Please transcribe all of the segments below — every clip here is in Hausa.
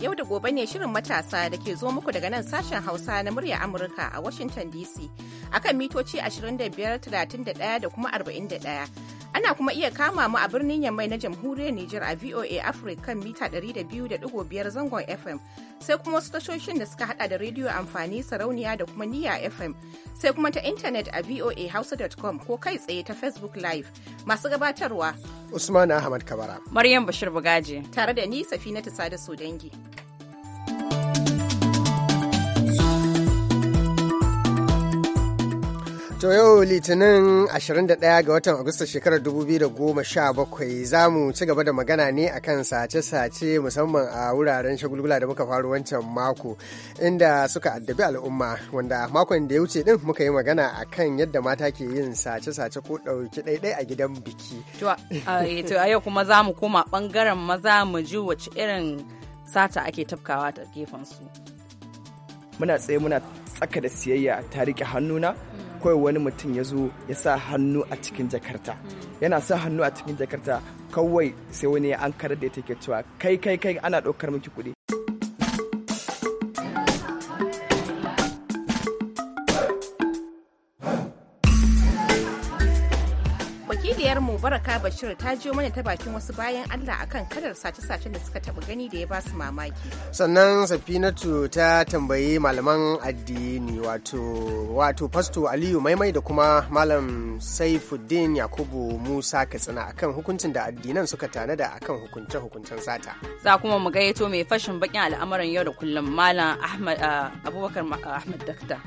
Yau da gobe ne shirin matasa da ke zo muku daga nan sashen Hausa na murya Amurka a Washington DC akan mitoci 25, 31 da kuma 41. Ana kuma iya kama mu a birnin Yammai na jamhuriyar Nijar a VOA Africa kan mita 200.5 zangon FM sai kuma wasu tashoshin da suka hada da rediyo amfani sarauniya da kuma niya FM sai kuma ta intanet a voahausa.com ko kai tsaye ta Facebook Live masu gabatarwa. Usman Ahmad Kabara. Maryam Bashir Bugaji. Tare da ni Safinatu su dangi. To yau litinin 21 ga watan Agusta shekarar 2017 za mu ci gaba da magana ne akan sace-sace musamman a wuraren shagulgula da muka faru wancan mako inda suka addabi al'umma wanda makon da ya wuce din muka yi magana akan yadda mata ke yin sace-sace ko ɗauki ɗaiɗai a gidan biki. Eh, to a yau kuma za mu koma ɓangaren maza mu ji wace irin sata ake tafkawa ta gefen su. Muna tsaye muna tsaka da siyayya ta riƙe hannuna kawai wani mutum ya zo ya sa hannu a cikin jakarta yana sa hannu a cikin jakarta kawai sai wani ya an karar da ya ke cewa kai kai kai ana ɗaukar miki kuɗi mu baraka bashir ta jiyo mana ta bakin wasu bayan allah akan kalar sace sace da suka taba gani da ya ba su mamaki sannan safinatu ta tambayi malaman addini wato wato fasto aliyu maimai da kuma malam saifuddin yakubu musa katsina akan hukuncin da addinan suka tanada akan hukunce-hukuncen sata za kuma mu gayyato mai fashin bakin al'amuran yau da kullum malam ahmad ah, abubakar ah, ahmad dakta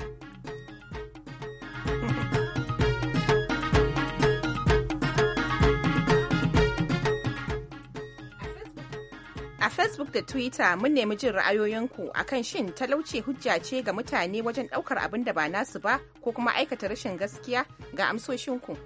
Facebook da Twitter mun nemi jin ra'ayoyinku akan shin talauci hujja ce ga mutane wajen ɗaukar abin da ba nasu ba ko kuma aikata rashin gaskiya ga amsoshinku.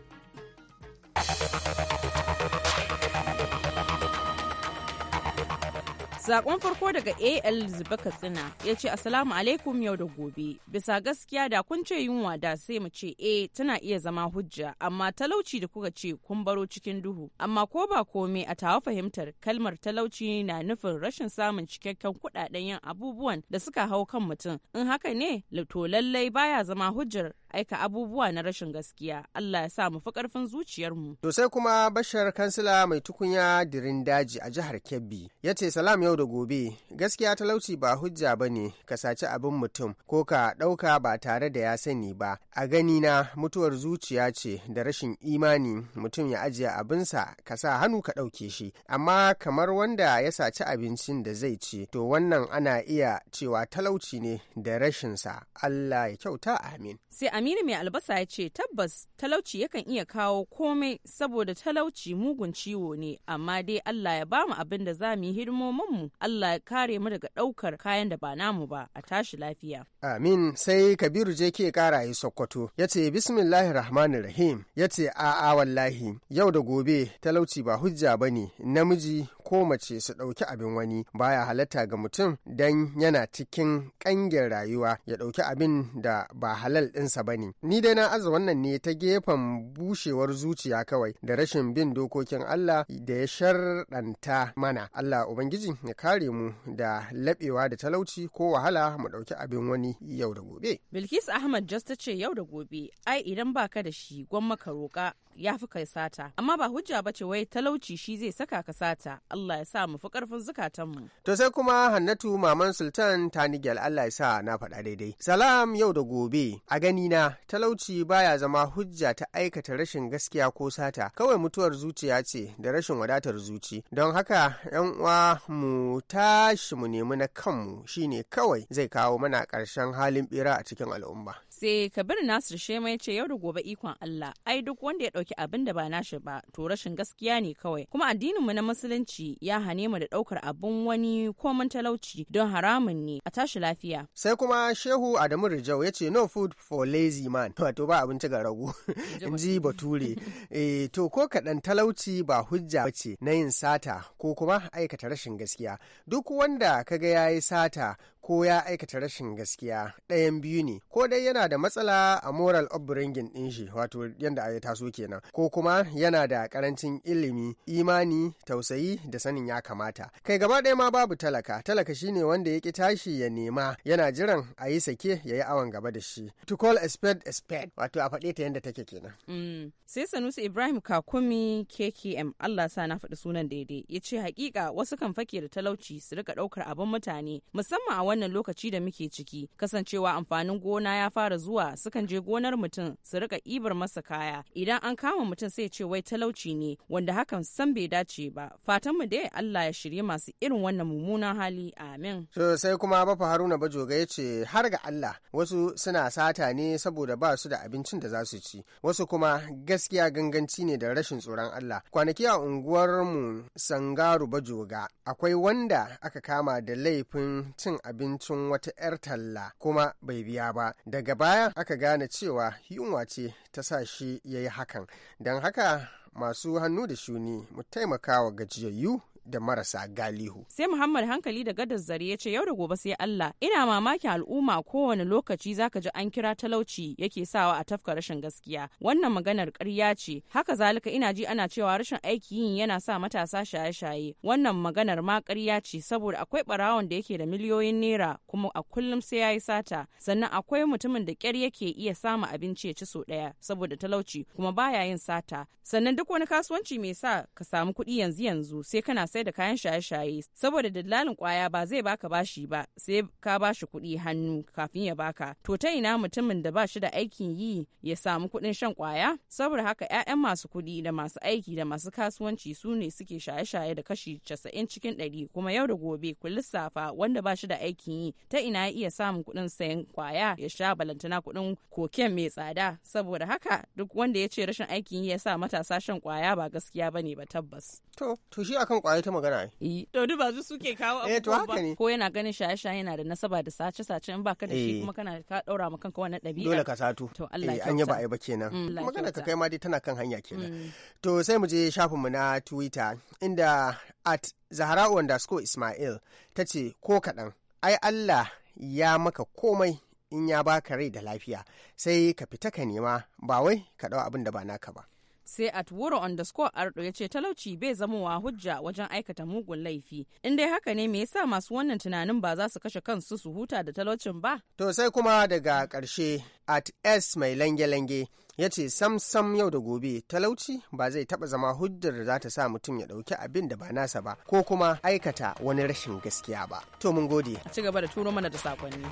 Sakon farko daga AL Zuba Katsina ya ce Assalamu alaikum yau da gobe. Bisa gaskiya da kun ce yunwa da sai mu ce eh tana iya zama hujja amma talauci da kuka ce kun baro cikin duhu. Amma ko ba komai a tawa fahimtar kalmar talauci na nufin rashin samun cikakken kudaden yin abubuwan da suka hau kan mutum. In haka ne to lallai baya zama hujjar aika abubuwa na rashin gaskiya Allah ya sa mu fi karfin zuciyarmu. To sai kuma bashar kansila mai tukunya dirin daji a jihar Kebbi ya ce salam yau da gobe gaskiya talauci ba hujja ba ne ka saci abin mutum ko ka ɗauka ba tare da ya sani ba a gani na mutuwar zuciya ce da rashin imani mutum ya ajiye abinsa ka sa hannu ka ɗauke shi amma kamar wanda ya saci abincin da zai ci to wannan ana iya cewa talauci ne da rashinsa Allah ya kyauta amin. Aminu mai albasa ya ce tabbas talauci yakan iya kawo komai saboda talauci mugun ciwo ne amma dai Allah ya bamu abin da za mu yi mu Allah ya kare mu daga daukar kayan da ba namu ba a tashi lafiya. Amin sai Kabiru je ke kara yi Sokoto ya ce bismillahir rahmanir rahim ya ce a'a wallahi yau da gobe talauci ba hujja bane namiji ko mace su ɗauki abin wani baya halatta ga mutum dan yana cikin ƙangin rayuwa ya ɗauki abin da ba halal ɗinsa ba ne. Ni dai na aza wannan ne ta gefen bushewar zuciya kawai da rashin bin dokokin Allah da ya sharɗanta mana. Allah Ubangiji ya kare mu da laɓewa da talauci ko wahala mu ɗauki abin wani yau da gobe. Bilkis Ahmad Jos ta ce yau da gobe, ai idan baka da shi gwamma ka roƙa ya fi kai sata, amma ba hujja ba ce wai talauci shi zai saka ka sata. Allah ya sa mu fi karfin zukatanmu. To sai kuma Hannatu Maman Sultan nigel Allah ya sa na faɗa daidai. Salam yau da gobe a gani na talauci baya zama hujja ta aikata rashin gaskiya ko sata kawai mutuwar zuciya ce da rashin wadatar zuci don haka yan uwa mu tashi mu nemi na kanmu shine kawai zai kawo mana ƙarshen halin bira a cikin al'umma. sai kabir nasir shema ya ce yau da gobe ikon allah ai duk wanda ya dauki abin da ba nashi ba to rashin gaskiya ne kawai kuma addinin mu na musulunci ya hane mu da daukar abin wani komin talauci don haramun ne a tashi lafiya sai kuma shehu adamu rijau ya ce no food for lazy man wato ba abinci ga ragu in ji bature eh to ko kaɗan talauci ba hujja ba ce na yin sata ko kuma aikata rashin gaskiya duk wanda kaga yayi sata ko ya aikata rashin gaskiya ɗayan biyu ne ko dai yana da matsala a moral upbringing ɗin shi wato yadda ya taso kenan ko kuma yana da karancin ilimi imani tausayi da sanin ya kamata kai gaba ɗaya ma babu talaka talaka shine wanda ya ki tashi ya nema yana jiran a yi sake ya yi awon gaba da shi to call a spade a spade wato a faɗe ta yadda take kenan. Mm. sai sanusi ibrahim kakumi kkm allah sa na faɗi sunan daidai ya ce hakika wasu kan fake da talauci su rika ɗaukar abin mutane musamman a wannan lokaci da muke ciki kasancewa amfanin gona ya fara zuwa sukan je gonar mutum su rika ibar masa kaya idan an kama mutum sai ce wai talauci ne wanda hakan san bai dace ba fatan mu dai Allah ya shirye masu irin wannan mummunan hali amin to sai kuma bafa Haruna Bajoga ya ce har ga Allah wasu suna sata ne saboda ba su da abincin da za su ci wasu kuma gaskiya ganganci ne da rashin tsoron Allah kwanaki a unguwarmu Sangaru Bajoga akwai wanda aka kama da laifin cin abinci abincin wata 'yar talla kuma bai biya ba daga baya aka gane cewa yunwa ce ta sa shi ya yi hakan don haka masu hannu da shuni mu taimaka wa gajiyayyu da marasa galihu. Sai Muhammad hankali da gadas zare ya ce yau da gobe sai Allah ina mamakin al'umma kowane lokaci zaka ji an kira talauci yake sawa a tafka rashin gaskiya wannan maganar ƙarya ce haka zalika ina ji ana cewa rashin aiki yin yana sa matasa shaye-shaye wannan maganar ma ƙarya ce saboda akwai ɓarawon da yake da miliyoyin naira kuma a kullum sai ya yi sata sannan akwai mutumin da ƙyar yake iya samun abinci ya ci sau ɗaya saboda talauci kuma baya yin sata sannan duk wani kasuwanci mai sa ka samu kuɗi yanzu yanzu sai kana sai da kayan shaye-shaye saboda dillalin kwaya ba zai baka bashi ba sai ka bashi kuɗi hannu kafin ya baka to ta ina mutumin da ba shi da aikin yi ya samu kuɗin shan kwaya saboda haka 'ya'yan masu kuɗi da masu aiki da masu kasuwanci su ne suke shaye-shaye da kashi casa'in cikin ɗari kuma yau da gobe ku lissafa wanda ba shi da aikin yi ta ina ya iya samun kuɗin sayan kwaya ya sha balantana kuɗin koken mai tsada saboda haka duk wanda ya ce rashin aikin yi ya sa matasa shan kwaya ba gaskiya bane ba tabbas to to shi akan kwaya wata magana ai eh. to duk ba su suke kawo eh, abubuwa ba ko yana ganin shaye-shaye yana da nasaba da sace-sace in baka da shi eh. kuma kana ka daura ma kanka wannan dabi'a. dole ka sato to Allah ya an yi ba ai ba kenan mm, magana ka kai ma dai tana kan hanya kenan mm. to sai mu je shafin mu na Twitter inda at Zahra underscore Ismail ta ce ko kaɗan ai Allah ya maka komai in ya baka rai da lafiya sai ka fita ka nema ba wai ka ɗau abin da ba naka ba. sai at wuro underscore ardo ya ce talauci bai zamowa hujja wajen aikata mugun laifi in dai haka ne me yasa masu wannan tunanin ba za su kashe kansu su huta da talaucin ba to sai kuma daga karshe at s mai lange-lange ya ce sam-sam yau da gobe talauci ba zai taba zama hujjar da za ta sa mutum ya dauki abin da ba nasa ba ko kuma aikata wani rashin gaskiya ba to mun gode a ci gaba da turo mana da sakonni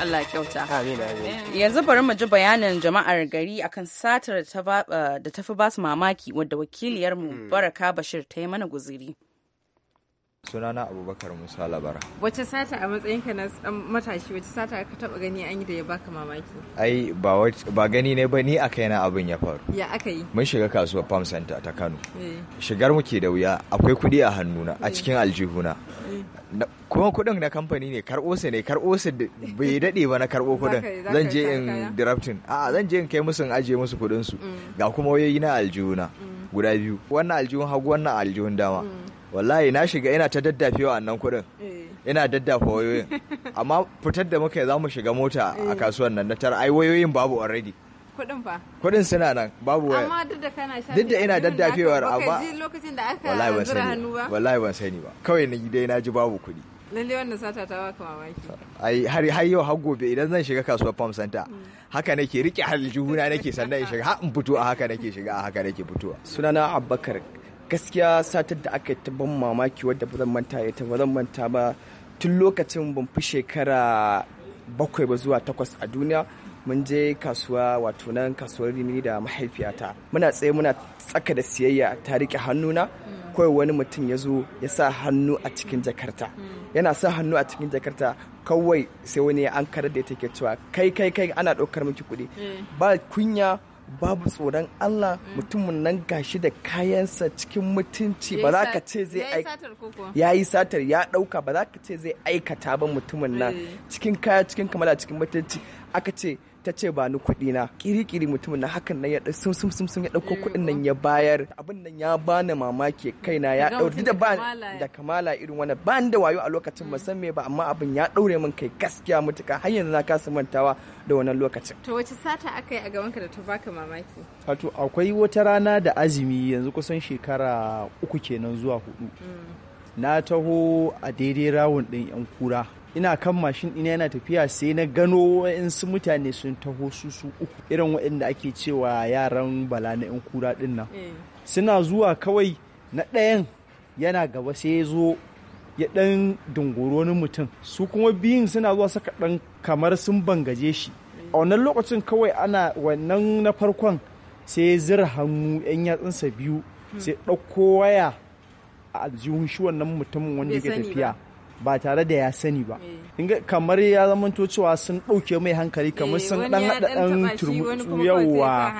Allah kyauta. Amin amin. Yanzu bari mu ji bayanin jama'ar gari akan satar da ta ba eh, basu mamaki wadda wakiliyar mu hmm. Baraka Bashir ta yi mana guziri. sunana abubakar musa labara wace sata a matsayinka na matashi wace sata ka taba gani an yi da ya baka mamaki ai ba gani ne ba ni a kaina abin ya faru ya aka yi mun shiga kasuwar farm center ta kano eh. shigar muke da wuya akwai kuɗi a hannuna a eh. cikin aljihuna kuma kuɗin na kamfani ne karbo su ne karbo su bai daɗe ba na karbo kuɗin zan je in drafting a zan je in kai musu in ajiye musu kuɗin su mm. ga kuma wayoyi na aljihuna mm. guda biyu wannan aljihun hagu wannan aljihun dama mm. wallahi na shiga ina ta daddafewa annan kuɗin eh. ina daddafa wayoyin amma fitar da muka za mu shiga mota a eh. kasuwan nan na tara ai wayoyin babu already kuɗin fa kuɗin suna nan babu waya amma duk da kana sha duk da ina daddafewar amma lokacin da aka zura hannu ba wallahi ban sani ba kawai ni dai na ji babu kuɗi lalle wannan sata ta baka mamaki ai har har yau har gobe idan zan shiga kasuwar farm center haka nake rike aljihuna nake sannan in shiga har in fito a haka nake shiga a haka nake fitowa sunana abubakar gaskiya satar da aka ta ban mamaki wadda ba zan manta ita ba zan manta ba tun lokacin ban fi shekara bakwai ba zuwa takwas a duniya mun je kasuwa wato nan kasuwar rimini da mahaifiyata muna tsaye muna tsaka da siyayya ta rike hannuna mm. kawai wani mutum ya zo ya sa hannu a cikin jakarta mm. yana sa hannu a cikin jakarta kawai sai wani an karar da take cewa kai kai kai ana ɗaukar miki kuɗi eh. ba kunya babu tsoron Allah mm. mutumin nan gashi da kayansa cikin mutunci ba za ka ce zai ya yi satar ya ɗauka ba za ka ce zai aikata ba mutumin nan eh. cikin kaya cikin kamala cikin mutunci aka ce ta ce ba ni kuɗi na kirikiri mutum na hakan na ya sun sun sun sun ya ɗauko kuɗin nan ya bayar abin nan ya bani mamaki kaina ya ɗaure da ba da kamala irin wannan ba da wayo a lokacin musamman ba amma abin ya ɗaure min kai gaskiya mutuka har yanzu na kasa mantawa da wannan lokacin to wace sata aka yi a gabanka da ta baka mamaki wato akwai wata rana da azumi yanzu kusan shekara uku kenan zuwa hudu mm. na taho a daidai rawun ɗin yan kura ina kan mashin ina yana tafiya sai na gano wa'insu mutane sun taho su su uku irin waɗanda ake cewa yaran bala na 'yan kura din nan eh. suna zuwa kawai na ɗayan yana gaba sai ya zo ya ɗan dungoro wani mutum su kuma biyun suna zuwa saka ɗan kamar sun bangaje shi a wannan lokacin kawai ana wannan na farkon sai ya zira hannu 'yan yatsunsa biyu hmm. sai ɗauko waya a aljihun shi wannan mutumin wanda ke tafiya ba tare da ya sani ba eh. kamar ya zamanto cewa sun ɗauke mai hankali kamar eh, sun dan haɗa ɗan turmutu yawa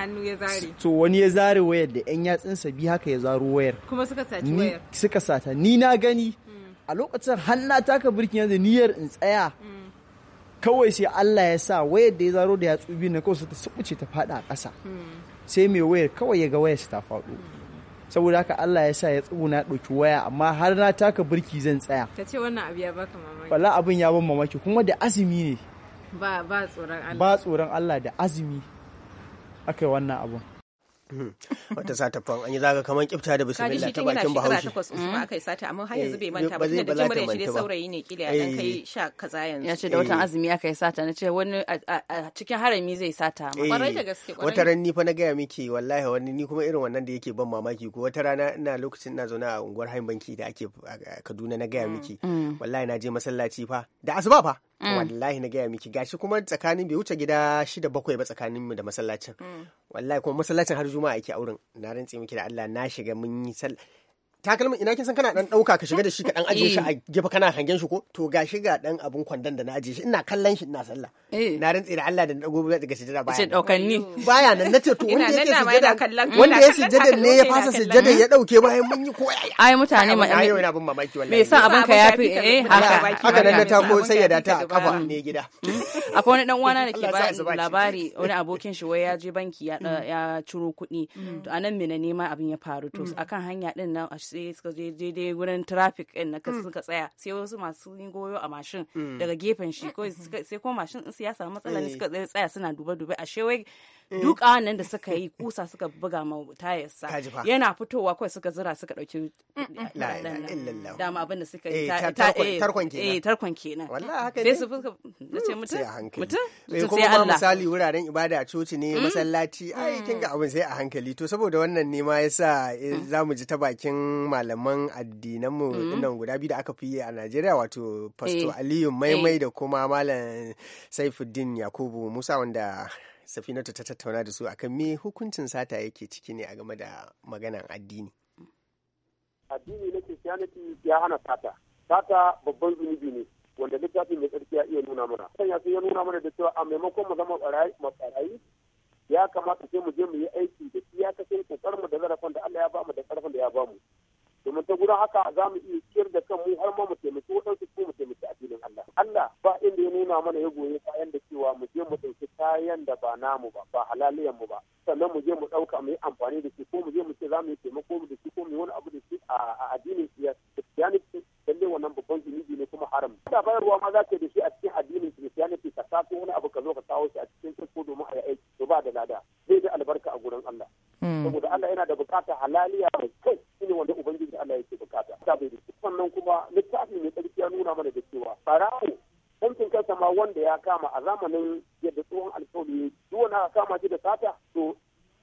to wani ya zare wayar da yan yatsinsa bi haka ya zaro wayar kuma suka sati wayar suka sata ni na gani hmm. a lokacin hanna taka birkin yanzu niyyar in tsaya hmm. kawai sai Allah ya sa wayar da ya zaro da yatsu biyu na kawai su ta subuce ta faɗa a ƙasa hmm. sai mai wayar kawai ya ga wayar ta faɗo saboda haka Allah ya sa ya na ɗauki waya amma har na taka birki zan tsaya ka ce wannan abu ya baka mamaki wallahi abin ya ban mamaki kuma da azumi ne ba tsoron Allah ba tsoron Allah da azumi akai wannan abun Hmm. wata sata fa an yi zaga kamar kifta da bismillah ta bakin bahaushe kaji shi tun aka yi sata amma har yanzu bai eh, manta ba tunda da jimar shi dai saurayi ne kila dan kai eh. sha kaza yanzu ya ce da watan eh. azumi aka yi sata na ce wani a cikin harami zai sata amma kwarai da gaske kwarai wata ran ni fa na gaya miki wallahi wani ni kuma irin wannan da yake ban mamaki ko wata rana ina lokacin ina zauna a unguwar hain banki da ake Kaduna na gaya mm. miki mm. wallahi na je masallaci fa da asuba fa Mm. wallahi na gaya miki gashi kuma tsakanin bai wuce gida shida bakwai ba tsakanin mu da masallacin mm. wallahi kuma masallacin har juma'a yake auren na rantse miki da Allah na shiga mun yi takalmin ina kin san kana dan dauka ka shiga da shi ka dan aje shi a eh. gefe kana hangen shi ko to ga shi ga dan abun kwandon da na ajiye shi ina kallon shi ina sallah eh. na rantsi da Allah da na dago daga sujada baya sai daukan ni baya nan nace to wanda yake sujada wanda ya sujada ne ya fasa sujada ya dauke bayan mun yi koyaya ai mutane ma ai yana bin mamaki wallahi me yasa abun ka yafi eh haka haka nan na ko sai ya data kafa ne gida mm. akwai wani dan uwana da ke labari wani abokin shi wai ya je banki ya mm. ya ciro kuɗi mm. to anan mina nema abin ya faru to akan hanya din na sai suka je daidai wurin traffic ɗin na hmm. suka tsaya sai wasu masu goyo a mashin hmm. daga gefen shi sai kuma mashin su ya samu matsala ne eh. suka tsaya suna dube-dube a wai Eh. duk nan da suka yi kusa suka buga ma tayarsa yana fitowa kawai suka zira suka dauki mm, mm, mm. dama abinda suka yi eh, eh, tarkon kenan eh sai su ce mutum mutum sai Allah Kuma misali wuraren ibada a coci ne masallaci ai kin ga abin sai a hankali to saboda wannan ne ma yasa zamu ji ta bakin malaman addinan mu nan guda biyu da aka fi a Najeriya wato Pastor Aliyu Maimai da kuma Malam Saifuddin Yakubu Musa wanda safinatu ta tattauna da su akan me hukuncin sata yake ciki ne a game da maganan addini addini na christianity ya hana sata sata babban zunubi ne wanda littafin mai tsarki ya iya nuna mana sanya sai ya nuna mana da cewa a maimakon mu zama matsarayi ya kamata sai mu je mu yi aiki da ya kasance mu da zarafin da Allah ya bamu da karfin da ya bamu domin ta gudan haka za mu iya ciyar da kan mu har ma mu taimaki waɗansu ko mu taimaki addinin Allah Allah ba inda ya nuna mana ya goye bayan da cewa mu je mu ɗauki kayan da ba namu ba ba halaliyan mu ba sannan mu je mu ɗauka mu yi amfani da shi ko mu je mu ce za mu yi taimako da shi ko mu yi wani abu da shi a addinin Christianity lalle wannan babban zunubi ne kuma haram da bayarwa ma za ka da shi a cikin addinin Christianity ka sako wani abu ka zo ka kawo shi a cikin kirko domin a yi aiki to ba da lada zai da albarka a gurin Allah hmm. saboda Allah yana da bukata halaliya mai kyau wanda ya kama a zamanin yadda tsohon alkawari yi wani aka kama shi da sata to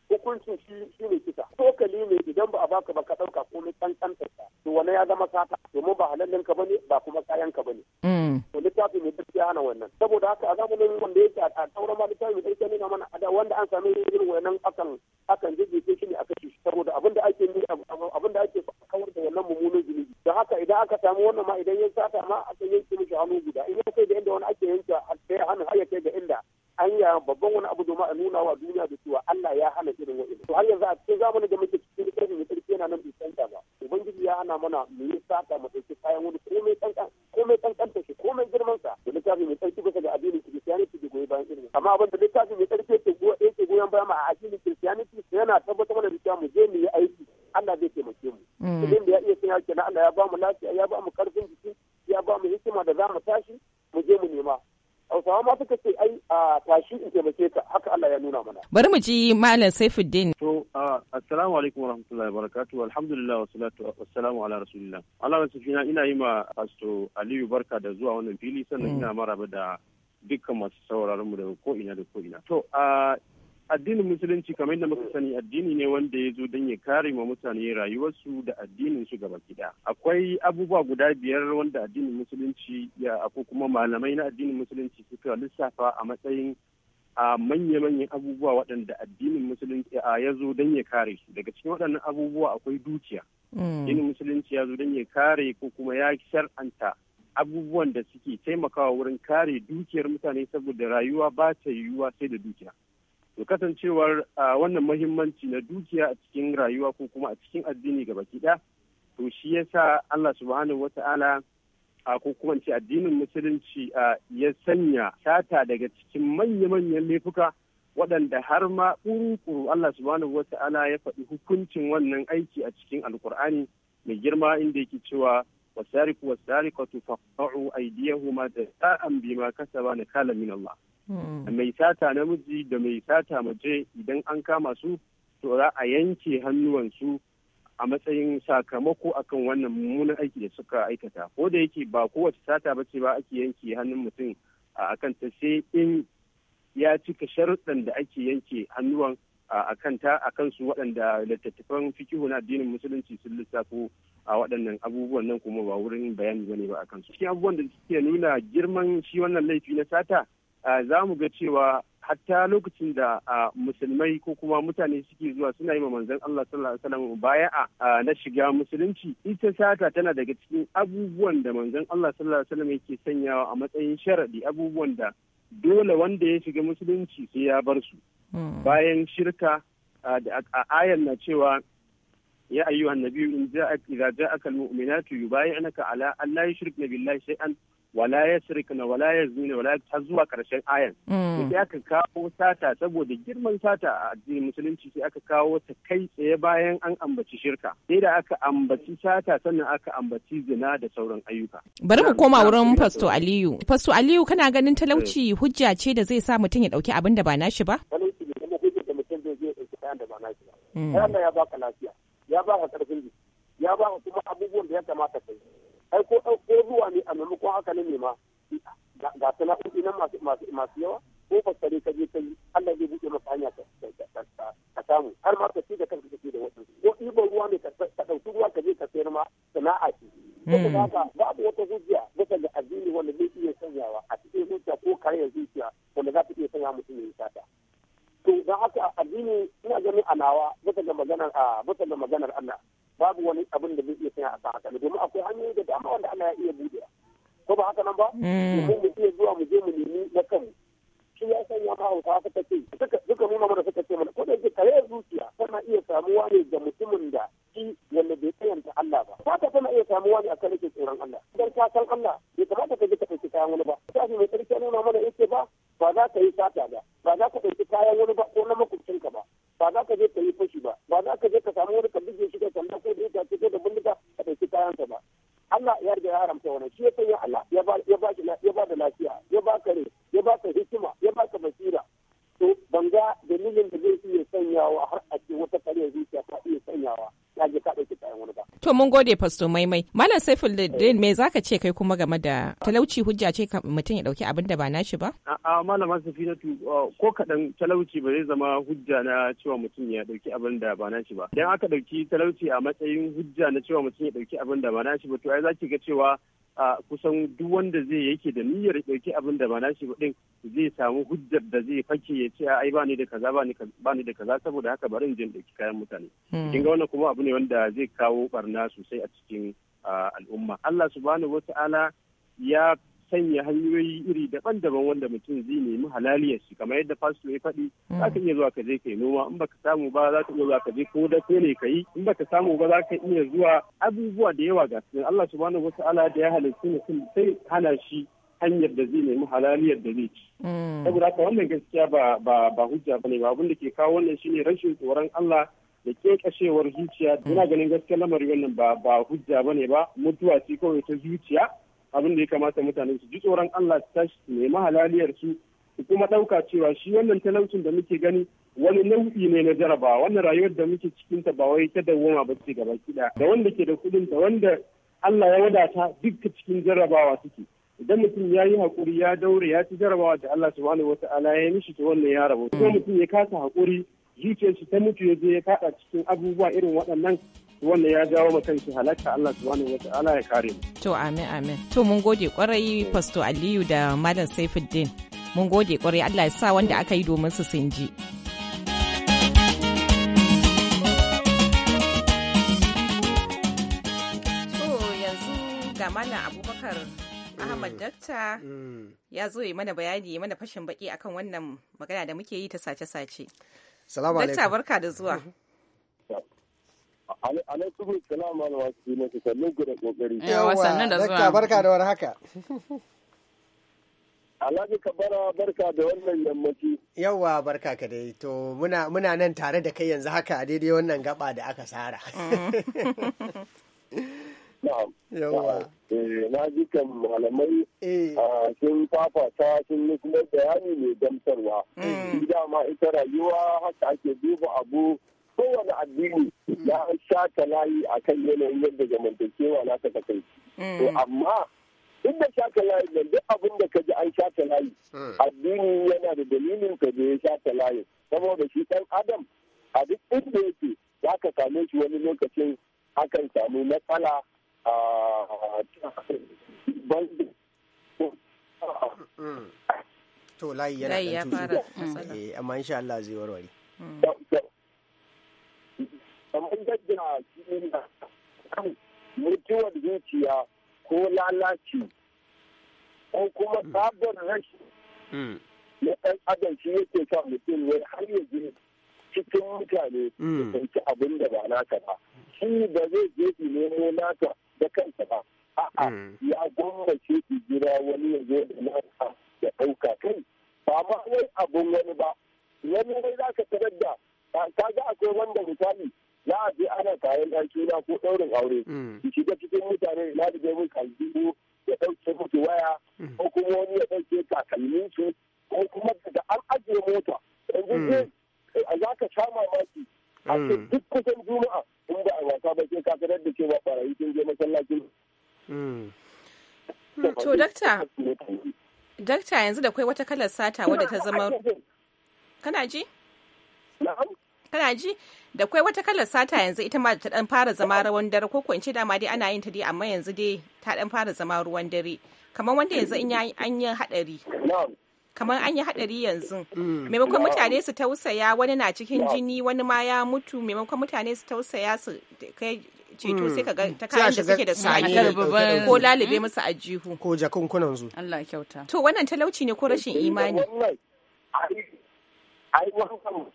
hukuncin shi shi ne kisa tokali ne idan ba a baka ba ka dauka komai kankanta to wani ya zama sata domin ba halallin ka bane ba kuma kayan ka bane mm. to littafi mai gaskiya hana wannan saboda haka a zamanin wanda yake a sauran ma littafi mai gaskiya nuna mana ada wanda an sami irin wannan akan akan jijjike shi ne a kashe shi saboda abin da ake abin da ake kawar da wannan mummunan zunubi da haka idan aka samu wannan ma idan ya sata ma akan yanke mishi hannu guda in ya da wani ake yanke sai hannu har ya kai ga inda an yi babban wani abu domin a nuna wa duniya da cewa Allah ya hana irin wa'in. To har yanzu a cikin zamanin da muke cikin ƙarfi mai ƙarfi yana nan bai canza ba. Ubangiji ya hana mana mu yi sata mu ɗauki kayan wani komai ƙanƙan komai ƙanƙanta shi komai girman sa. Da littafi mai ƙarfi bisa ga addinin Kiristiyaniti da goyi bayan irin. Amma abin da littafi mai ƙarfi ke goyon bayan ma a addinin Kiristiyaniti yana tabbatar mana da cewa mu je mu yi aiki Allah zai taimake mu. Mm. Idan da ya iya sanya kenan Allah ya ba mu lafiya ya ba mu bari mu ji malam saifuddin to assalamu alaikum warahmatullahi wabarakatuh alhamdulillah wassalatu wassalamu ala rasulillah Allah wasifina ina yi ma pastor Aliyu barka da zuwa wannan fili sannan mm. ina maraba da dukkan masu sauraron mu daga ko ina da ko ina to addinin musulunci kamar yadda muka sani addini ne wanda ya zo don ya kare ma mutane rayuwarsu da addinin su gaba gida akwai abubuwa guda biyar wanda addinin musulunci ya ko kuma malamai na addinin musulunci suka lissafa a matsayin a manya-manyan abubuwa waɗanda addinin musulunci ya zo don ya kare su daga cikin waɗannan abubuwa akwai dukiya mm. addinin musulunci ya zo don ya kare ko kuma ya shar'anta abubuwan da suke taimakawa wurin kare dukiyar mutane saboda rayuwa ba ta yiwuwa sai da dukiya to kasancewar wannan mahimmanci na dukiya a cikin rayuwa ko kuma a cikin addini gaba ɗaya to shi yasa Allah subhanahu wata'ala ko kuma ce addinin musulunci ya sanya sata daga cikin manya-manyan laifuka waɗanda har ma ƙuru Allah subhanahu wa ta'ala ya faɗi hukuncin wannan aiki a cikin alkur'ani mai girma inda yake cewa wasariku wasariqatu faqta'u aydiyahuma jaza'an bima kasaba nakala min Allah hmm. mai sata namiji da mai sata mace idan an kama su to za a yanke hannuwansu a matsayin sakamako akan wannan mummunan aiki da suka aikata ko da yake ba kowace sata ba ce ba ake yanke hannun mutum a ta sai in ya cika sharuɗan da ake yanke hannuwan a ta a kansu waɗanda littattafan fikihu na addinin musulunci sun lissafo a waɗannan abubuwan nan kuma ba wurin bayani bane ba a kansu cikin abubuwan da suke nuna girman shi wannan laifi na sata za mu ga cewa hatta lokacin da musulmai ko kuma mutane suke zuwa suna yi manzon Allah sallallahu alaihi wasallam baya na shiga musulunci ita sata tana daga cikin abubuwan da manzon Allah sallallahu alaihi wasallam yake sanyawa a matsayin sharadi abubuwan da dole wanda ya shiga musulunci sai ya bar su hmm. bayan shirka a ayan na cewa ya ayyuhan nabiyyu in ja'aka idza ja'aka al-mu'minatu yubay'unaka ala an la yushrikna billahi shay'an wala ya na wala ya zina wala ta zuwa karshen ayan mm. sai aka kawo sata saboda girman sata a addinin musulunci sai aka kawo ta kai tsaye bayan an ambaci shirka sai da aka ambaci sata sannan aka ambaci zina da sauran ayyuka bari mu koma wurin fasto aliyu fasto aliyu kana ganin talauci eh. hujja ce da zai sa mutum ya dauki abin da ba nashi ba talauci ne kuma hujja da mutum zai je ya dauki kayan da ba nashi ba mm. Allah ya baka lafiya ya baka karfin jiki ya baka kuma abubuwan da ya kamata ka yi ai ko ko zuwa ne a maimakon haka ne ma ga sana'o'i nan masu yawa ko fassare ka je ka yi Allah zai buɗe maka hanya ka samu har ma ka ci da kanka kake da wasu ko ibar ruwa ne ka ɗauki ruwa ka je ka sayar ma sana'a ce saboda hmm. babu wata hujja bisa ga addini wanda zai iya sanyawa a cikin zuciya ko karyar zuciya wanda za ta iya sanya mutum ya yi sata to don haka addini ina ganin alawa bisa ga maganar a bisa ga maganar Allah babu wani abin da zai iya sanya a sa haka domin akwai hanyoyi dama wanda Allah ya iya buɗe ko ba haka nan ba mun hmm. mu iya zuwa mu je mu nemi na kan shi ya sanya ma hausa duka ce suka nuna da suka ce mana ko da yake kare zuciya tana iya samuwa ne ga mutumin da shi wanda bai tsayanta Allah ba ta tana iya samuwa ne akan yake tsoron Allah idan ka san Allah mun gode fasto maimai. Malam Saifuddin me zaka ce kai kuma game da talauci hujja ce mutum ya dauki abin da ba nashi ba? a malama safinatu uh, ko kaɗan talauci ba zai zama hujja na cewa mutum ya ɗauki abin da ba nashi ba idan aka ɗauki talauci a matsayin hujja na cewa mutum ya ɗauki abin da ba nashi ba to ai zaki ga cewa kusan duk wanda zai yake da niyyar ɗauki abin da ba nashi ba ɗin zai samu hujjar da zai fake ya ce ai ba ni da kaza ba ni da kaza saboda haka bari in je ɗauki kayan mutane hmm. kin ga wannan kuma abu ne wanda zai kawo barna sosai a cikin al'umma Allah subhanahu wa ta'ala ya sanya hanyoyi iri daban-daban wanda mutum zai nemi halaliyar shi kamar yadda fasto ya faɗi hmm. za ka iya zuwa ka je ka yi noma in baka samu ba za ka iya zuwa ka je ko da ne ka yi in baka samu ba za ka iya zuwa abubuwa da yawa ga su Allah subhanahu ta'ala da ya halitta mutum sai hana shi hanyar da zai nemi halaliyar da zai ci. Hmm. Saboda haka wannan gaskiya ba ba ba hujja bane ba abin da ke kawo wannan shine rashin tsoron Allah da kekashewar zuciya ina ganin gaskiya lamari wannan ba ba hujja bane ba mutuwa ce kawai ta zuciya abin da ya kamata mutane su ji tsoron Allah su tashi su nemi halaliyar su su kuma ɗauka cewa shi wannan talaucin da muke gani wani nau'i ne na jaraba wannan rayuwar da muke cikin ta ba wai ta dawwama ba ce gaba kida da wanda ke da kuɗin da wanda Allah ya wadata dukka cikin jarabawa suke idan mutum ya yi haƙuri ya daure ya ci jarabawa da Allah subhanahu wataala ya yi mishi ta wannan ya rabu ko mutum ya kasa haƙuri zuciyarsa ta mutu ya je ya faɗa cikin abubuwa irin waɗannan wanda ya jawo ma kanshi halaka Allah subhanahu ta'ala ya kare mu to amin amin to mun gode kwarai mm. pastor Aliyu da malam Saifuddin mun gode kwarai Allah ya sa wanda aka yi domin su sun ji Malam Abubakar mm. Ahmad Dakta mm. ya zo yi mana bayani mana fashin baki akan wannan magana da muke yi ta sace-sace. Salamu alaikum. Dakta barka da zuwa. Mm-hmm. alaikum salam malama su ne ta sallin da kokari yawa sannan da zuwa barka da warhaka Alhaji Kabara barka da wannan yammaci. Yawwa barka ka dai to muna muna nan tare da kai yanzu haka a daidai wannan gaba da aka sara. Yawwa. Eh, na ji kan malamai eh. ah, sun fafata sun yi kuma bayani mai gamsarwa. Mm. Dama ita rayuwa haka ake duba abu kowane addini ya shata layi a kan yanayin yadda zamantakewa na ta kai mm. To amma inda da shata layi da duk abin da ka ji an shata layi mm. addini yana da dalilin ka je ya shata layi saboda shi dan adam a duk inda yake za ka same shi wani lokacin akan samu matsala a bandin mm. to layi yana da eh, amma insha Allah zai warware kamar yadda kila kan mutuwar zuciya ko lalaci ko kuma mm. sabon rashi mm. na ɗan adam shi yake sa mutum ya har yanzu cikin mutane da sauki mm. abin da ba naka ba shi ba zai je su nemo naka da kansa ba a'a ya gwamnace su jira wani ya zo da naka da ɗauka kai ba ma wai abin wani ba wani wai za ka tarar da ka ga akwai wanda misali kayan ɗan juna ko ɗaurin aure Ki mm. shiga cikin mutane na da zai mun kalbiru ya ɗauke mutu waya mm. ko kuma wani ya ɗauke takalmin su ko kuma da an ajiye mota yanzu mm. za ka sha mamaki a duk kusan juma'a in ba a wasa ba sai ka sanar da cewa barayi sun je masallacin to dakta dakta yanzu da kai wata kalar sata wadda ta zama kana ji kana ji da kwai wata kalar sata yanzu ita ma ta dan fara zama rawan dare ko in ce dama dai ana yin ta dai amma yanzu dai ta dan fara zama ruwan dare kamar wanda yanzu in yi an yi hadari kamar an yi hadari yanzu mm. maimakon mutane su tausaya wani na cikin jini wani ma ya mutu maimakon mutane su tausaya su kai ceto mm. sai ka ga ta kayan da suke da sani ko lalube musu a jihu ko jakunkunan zu Allah kyauta to wannan talauci ne ko rashin imani ai wannan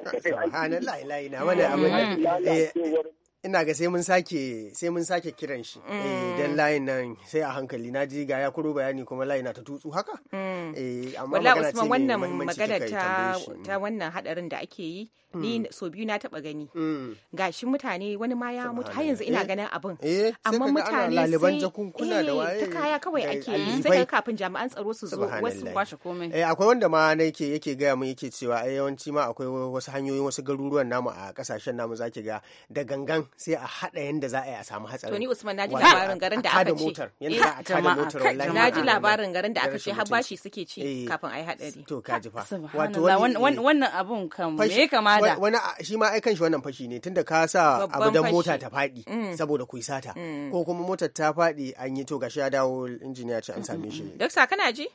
Subhanallah ila ina wani abu ina ga sai mun sake sai mun sake kiran shi mm. eh dan layin nan sai a hankali na ji ga ya kuro bayani kuma layin na ta tutsu haka mm. eh amma wannan magana ta ta wannan hadarin da ake yi mm. ni so biyu na taba gani gashi mutane wani ma ya mutu har yanzu ina eh, ganin abin eh, amma mutane sai da eh, waye ta kaya kawai ake yi sai kafin jami'an tsaro su zo wasu kwashe komai eh akwai wanda ma nake yake gaya mun yake cewa yawanci ma akwai wasu hanyoyin wasu garuruwan namu a kasashen namu zaki ga da gangan sai a haɗa yanda za a yi a samu hatsari. Toni Usman na ji labarin garin da aka ce. Yanda eh, a kada motar Na ji labarin garin da aka ce har bashi suke ci eh, kafin a yi haɗari. To ka ji fa. Wato wannan abun kan me kama da. Wani shi ma aikan shi wannan fashi ne tunda ka sa abu dan mota ta faɗi mm. saboda ku sata mm. ko kuma motar ta faɗi an yi to gashi ya dawo injiniya ce an mm, same shi. Dokta kana ji?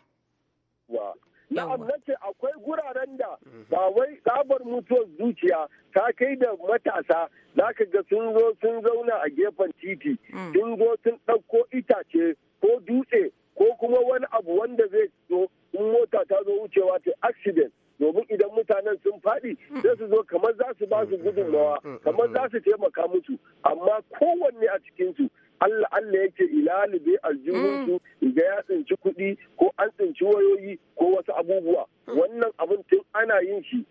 na'am nace akwai guraren da mhm. ba wai tsabar mutuwar zuciya ta kai da matasa zaka ga sun zo sun zauna a gefen titi mm. sun zo sun ɗauko itace ko dutse ko kuma wani abu wanda zai zo in mota ta zo wucewa ta accident domin idan mutanen sun faɗi mm. sai su zo kamar za su ba su gudunmawa mm. kamar za su taimaka musu amma kowanne a cikinsu Allah Allah yake ilali bai aljihunsu mm. ga ya tsinci kuɗi ko an tsinci wayoyi ko wasu abubuwa mm. wannan abin tun ana yin shi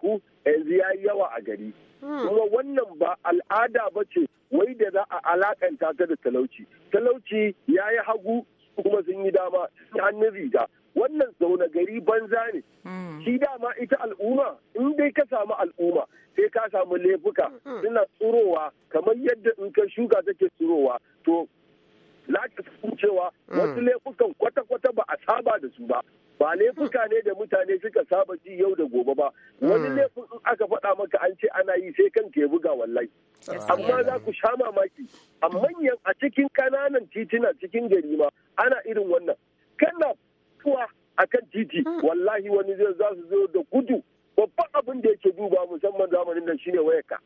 ku yanzu ya yi yawa a gari mm. kuma wannan ba al'ada ba ce wai da za a alaƙanta ta da talauci talauci ya yi hagu kuma sun yi dama ta hannun riga wannan zaune gari banza ne mm. shi dama ita al'umma in dai ka samu al'umma sai ka samu laifuka mm, mm. suna tsurowa kamar yadda in ka shuka take tsurowa to na cewa wasu laifukan kwata-kwata ba a saba da su ba ba laifuka ne da mutane suka saba ji yau da gobe ba wani laifin in aka faɗa maka an ce ana yi sai kan ke buga wallahi amma za ku sha mamaki a manyan a cikin ƙananan titina cikin gari ma ana irin wannan kana mutuwa akan titi mm. wallahi wani zai za su zo da gudu babban abin da yake duba musamman zamanin nan shine wayarka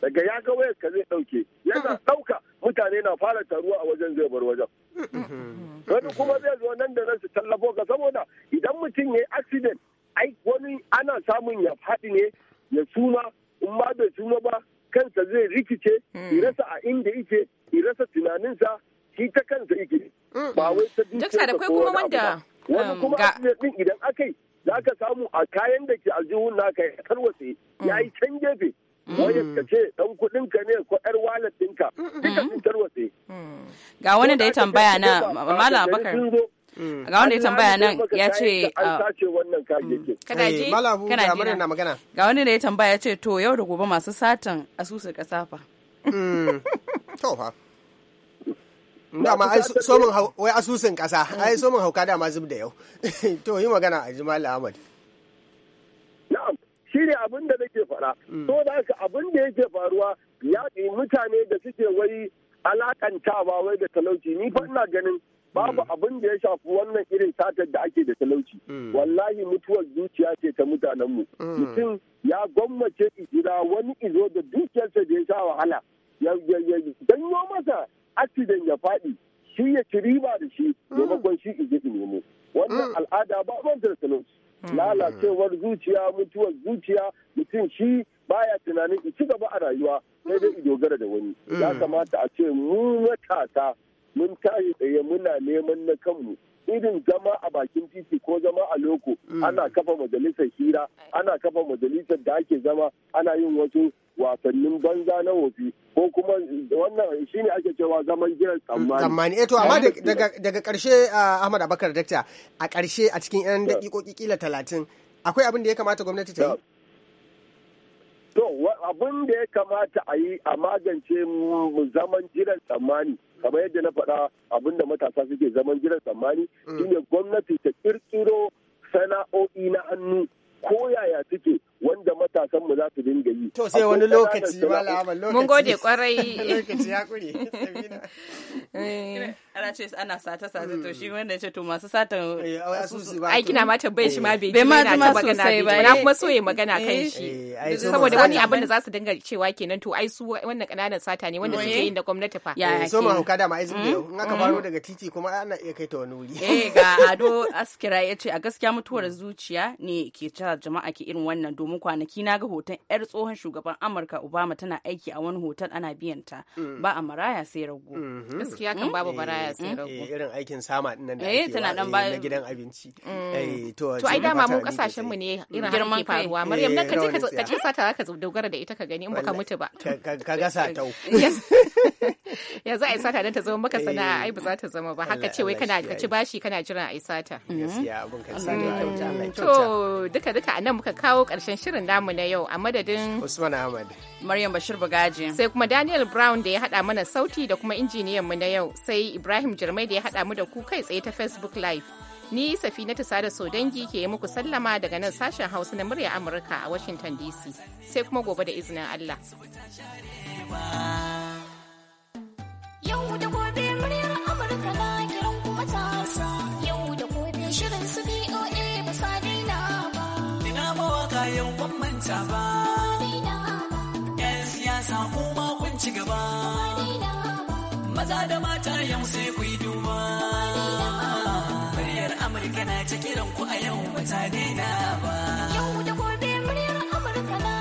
daga ya ga wayarka zai dauke yana dauka mutane na fara taruwa a wajen zai bar wajen mm-hmm. wani kuma zai zo nan da nasu tallafo ka saboda idan mutum ya yi accident ai wani ana samun ya faɗi ne ya suma in ma bai suma ba kansa zai rikice irasa mm. a inda yake irasa tunaninsa shi ta kansa yake ba wai ta duk da kuma wanda wani um, kuma accident din idan aka yi za ka samu a kayan da ke aljihun naka ya tarwatse mm. ya yi can gefe mm. wayar ka ce dan kudin ka ne ko yar wallet ɗinka mm, duka sun tarwatse ga wani da ya tambaya na malam abakar ga da ya tambaya nan ya ce uh, kana eh, ji kana magana ga wanda ya tambaya ya ce to yau da gobe masu satan asusun kasafa to fa dama ai somin wai asusun kasa ai somin hauka dama zub da yau to yi magana a jimal ahmad shi ne abin da nake fara so da haka abin da yake faruwa ya mutane da suke wai alakantawa wai da talauci ni fa ina ganin babu abin da ya shafi wannan irin satar da ake da talauci wallahi mutuwar zuciya ce ta mutanenmu mutum ya gwammace ijira wani izo da dukiyarsa da ya sha wahala ya janyo masa accident ya faɗi shi ya ci riba da shi mm. maimakon shi ije nemo wannan mm. al'ada ba ban da talauci mm. lalacewar zuciya mutuwar zuciya mutum shi baya tunanin in ci gaba a rayuwa sai dai in dogara da wani ya kamata a ce mu matasa mun tashi tsaye muna neman na kanmu irin zama a bakin titi ko zama a loko mm. ana kafa majalisar hira ana kafa majalisar da ake zama ana yin wasu wasannin banza na wofi ko kuma wannan shi ne ake cewa zaman jiran tsammani. Tsammani eto eh amma daga karshe ah, Ahmad Abakar Dakta a karshe a cikin 'yan daƙiƙoƙi kila talatin akwai abin da ya kamata gwamnati ta yi? To abin da ya kamata a yi a magance zaman jiran tsammani kamar yadda na faɗa abinda matasa suke zaman jiran tsammani mm. shine gwamnati ta kirkiro sana'o'i na hannu ko yaya suke wanda matasan mu za su dinga yi. To sai wani lokaci malama lokaci. Mun gode kwarai. Lokaci ya kure. Eh. Ana ce ana sata sata to shi hmm. wanda ce to masu sata eh, aiki na ma bai shi ma eh. bai bai ma ta sosai ba. Na kuma so ya magana kan shi. Saboda wani abin da za su dinga cewa kenan to ai su wannan kananan sata ne wanda suke yin da gwamnati fa. Ya so ma hauka da ma aizu hmm? in aka faro hmm? daga titi kuma ana iya kai ta wani wuri. Eh ga Ado Askira ya ce a gaskiya mutuwar zuciya ne ke ta jama'a ke irin wannan domin domin kwanaki na ga hoton 'yar tsohon shugaban amurka obama tana aiki a wani hotel ana biyan ta mm. ba a maraya sai rago mm-hmm. gaskiya kan babu mm-hmm. maraya mm-hmm. sai rago eh, irin aikin sama din nan da eh, ake eh, na gidan abinci mm. to ai dama mu kasashen mu ne mm. irin girman faruwa maryam nan ka je ka je sata zaka dogara da ita ka gani in baka mutu ba ka gasa tau yanzu a sata dan ta zama maka sana'a ai ba za ta zama ba haka ce wai kana ka ci bashi kana jiran a sata gaskiya abun sata to duka duka anan muka kawo karshen shirin namu na yau a madadin Usman Ahmad. Maryam Bashir Bugaji. Sai kuma Daniel Brown da ya haɗa mana sauti da kuma injiniyan mu na yau. Sai Ibrahim Jirmai da ya haɗa mu da ku kai tsaye ta Facebook Live. Ni Safina ta so dangi ke muku sallama daga nan sashen Hausa na murya Amurka a Washington DC. Sai kuma gobe da izinin Allah. Yau da gobe muryar Amurka na kiran kuma ta wadata ba. ‘Yan siyasa kuma kun ci gaba. Maza da mata yau sai ku yi duba. Muryar Amurka na ta kiran ku a yau ba ta daina ba.